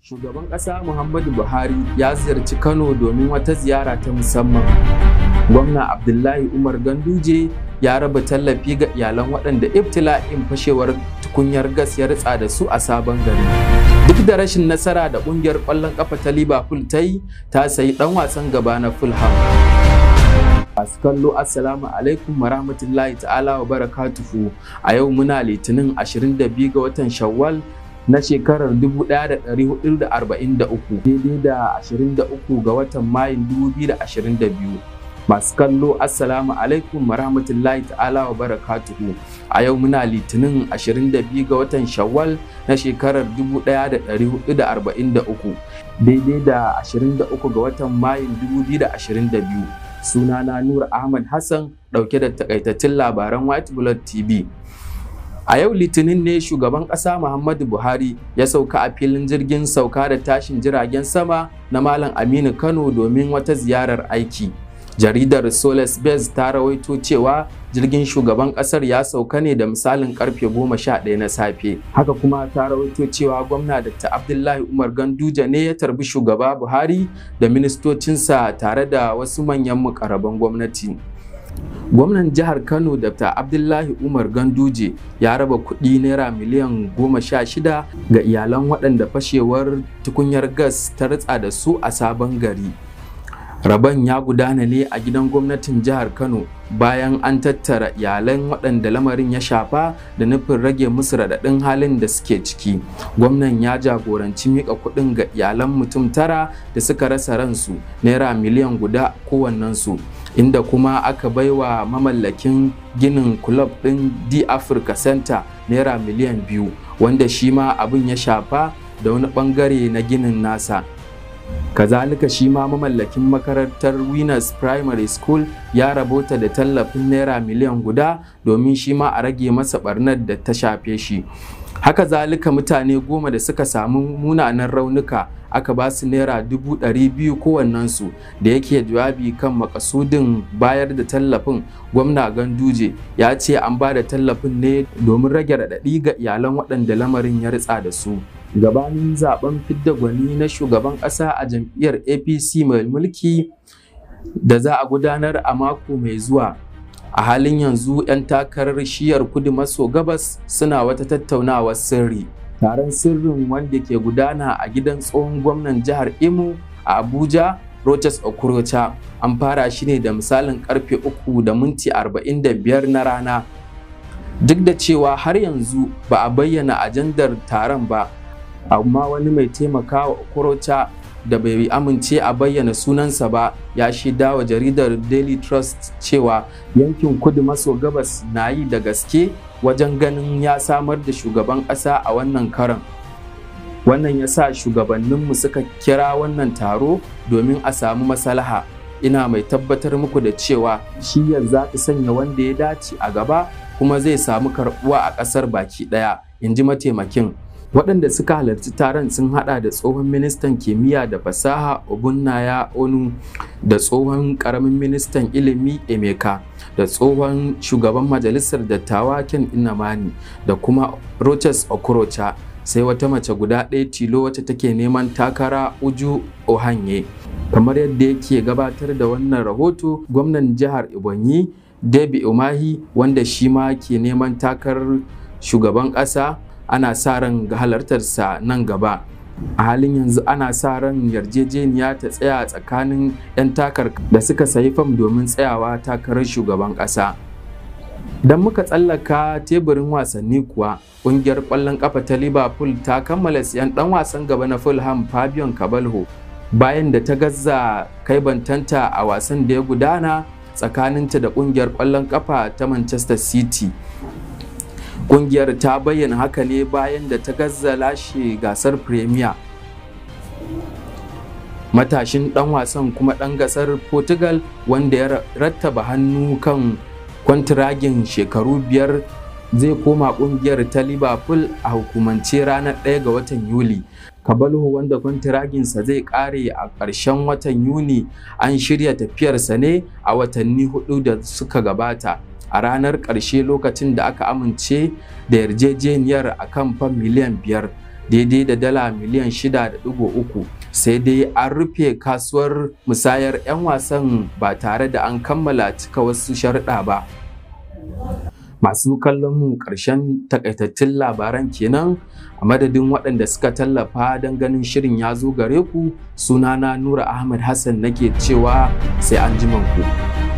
Shugaban ƙasa Muhammadu Buhari ya ziyarci Kano domin wata ziyara ta musamman. Gwamna Abdullahi Umar Ganduje ya raba tallafi ga iyalan waɗanda ibtila'in fashewar tukunyar gas ya ritsa da su a sabon gari. Duk da rashin nasara da ƙungiyar ƙwallon ƙafa ta Liverpool ta yi, ta sayi ɗan wasan gaba na Fulham. Masu kallo Assalamu alaikum wa rahmatullahi ta'ala wa barakatuhu. A yau muna Litinin 22 ga watan Shawwal na shekarar 1443 daidai da 23 ga watan mayun 2022 masu kallo assalamu alaikum rahmatullahi ta'ala wa barakatuhu a yau muna litinin 22 ga watan shawwal na shekarar 1443 daidai da 23 ga watan mayun 2022 sunana nur ahmad hassan dauke da takaitattun labaran white blood tv A yau Litinin ne shugaban ƙasa Muhammadu Buhari ya sauka a filin jirgin sauka da tashin jiragen sama na Malam Aminu Kano domin wata ziyarar aiki. Jaridar Soles Bez ta rawaito cewa jirgin shugaban ƙasar ya sauka ne da misalin karfe goma na safe. Haka kuma ta rawaito cewa gwamna Dr. Abdullahi Umar Ganduja ne ya tarbi shugaba Buhari da ministocinsa tare da wasu manyan muƙaraban gwamnati. Gwamnan jihar Kano Dr. Abdullahi Umar Ganduje ya raba kudi naira miliyan goma sha shida ga iyalan waɗanda fashewar tukunyar gas ta ritsa da su a sabon gari. Rabon ya gudana ne a gidan gwamnatin jihar Kano bayan an tattara iyalan waɗanda lamarin ya shafa da nufin rage musu raɗaɗin halin da suke ciki. Gwamnan ya jagoranci miƙa kuɗin ga iyalan mutum tara da suka rasa ransu naira miliyan guda kowannensu. Inda kuma aka baiwa mamallakin ginin kulob ɗin D Africa Center naira miliyan biyu wanda shi ma abin ya shafa da wani ɓangare na ginin nasa. kazalika shi ma mamallakin makarantar winners primary school ya rabota da tallafin naira miliyan guda domin shi ma a rage masa barnar da ta shafe shi haka zalika mutane goma da suka samu munanan raunuka aka ba su naira dubu ɗari biyu kowannensu da yake jawabi kan makasudin bayar da tallafin gwamna ganduje ya ce an ba da tallafin ne domin rage raɗaɗi ga iyalan waɗanda lamarin ya ritsa da su gabanin zaben fidda gwani na shugaban ƙasa a jam'iyyar apc mai mulki da za a gudanar a mako mai zuwa a halin yanzu 'yan takarar shiyar kudu maso gabas suna wata tattaunawa sirri taron sirrin wanda ke gudana a gidan tsohon gwamnan jihar imo a abuja rochas okurocha an fara shi ne da misalin karfe 3 da minti 45 na rana duk da cewa har yanzu ba a bayyana ajandar taron ba amma wani mai taimakawa okorocha da bai amince a bayyana sunansa ba ya shaida wa jaridar daily trust cewa yankin kudu maso gabas na yi da gaske wajen ganin ya samar da shugaban ƙasa a wannan karan wannan ya sa shugabanninmu suka kira wannan taro domin a samu masalaha ina mai tabbatar muku da cewa shi yanzu za ta sanya wanda ya dace a gaba kuma zai samu karbuwa a ƙasar baki ɗaya in ji mataimakin waɗanda suka halarci taron sun hada da tsohon ministan kimiyya da fasaha obunnaya onu da tsohon ƙaramin ministan ilimi emeka da tsohon shugaban majalisar dattawa ken inamani da kuma roches okorocha sai wata mace guda ɗaya tilo wacce take neman takara uju ohanye kamar yadda yake gabatar da wannan rahoto gwamnan jihar ibonyi debi umahi wanda shi ma ke neman takarar shugaban ƙasa ana sa ran halartarsa nan gaba a halin yanzu ana sa ran yarjejeniya ta tsaya tsakanin 'yan takar da suka sayi fam domin tsayawa takarar shugaban ƙasa don muka tsallaka teburin wasanni kuwa ƙungiyar ƙwallon ƙafa ta liverpool ta kammala siyan ɗan wasan gaba na fulham fabian cabalho bayan da ta gaza kai bantanta a wasan da ya gudana tsakaninta da ƙungiyar ƙwallon ƙafa ta manchester city Kungiyar ta bayyana haka ne bayan da ta gazza lashe gasar Premier. Matashin dan wasan kuma dan gasar Portugal wanda ya rattaba hannu kan kwantiragin shekaru biyar zai koma kungiyar ta Liverpool a hukumance ranar 1 ga watan Yuli. Kabalho wanda kwantiraginsa zai kare a ƙarshen watan Yuni an shirya tafiyarsa ne a watanni hudu da suka gabata. a ranar ƙarshe lokacin da aka amince da yarjejeniyar a kan fan miliyan biyar daidai da dala miliyan shida da uku sai dai an rufe kasuwar musayar 'yan wasan ba tare da an kammala cika wasu sharuɗa ba masu kallon mu ƙarshen takaitattun labaran kenan a madadin waɗanda suka tallafa don ganin shirin ya zo gare ku sunana nura ahmad hassan nake cewa sai an ku.